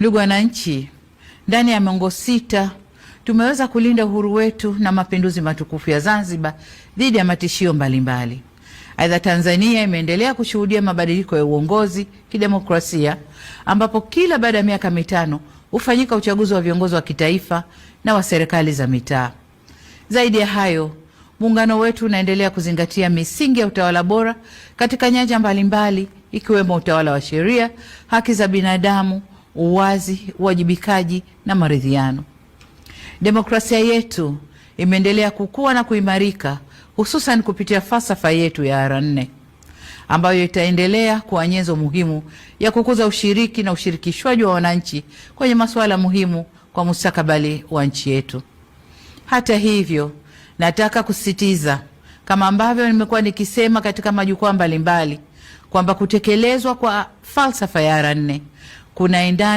Ndugu wananchi, ndani ya miongo sita tumeweza kulinda uhuru wetu na mapinduzi matukufu ya Zanzibar dhidi ya matishio mbalimbali. Aidha, Tanzania imeendelea kushuhudia mabadiliko ya uongozi kidemokrasia, ambapo kila baada ya miaka mitano hufanyika uchaguzi wa viongozi wa kitaifa na wa serikali za mitaa. Zaidi ya hayo, muungano wetu unaendelea kuzingatia misingi ya utawala bora katika nyanja mbalimbali ikiwemo utawala wa sheria, haki za binadamu uwazi, uwajibikaji na maridhiano. Demokrasia yetu imeendelea kukua na kuimarika hususan kupitia falsafa yetu ya r nne ambayo itaendelea kuwa nyenzo muhimu ya kukuza ushiriki na ushirikishwaji wa wananchi kwenye masuala muhimu kwa mustakabali wa nchi yetu. Hata hivyo, nataka kusisitiza kama ambavyo nimekuwa nikisema katika majukwaa mbalimbali kwamba kutekelezwa kwa falsafa ya r nne kunaendana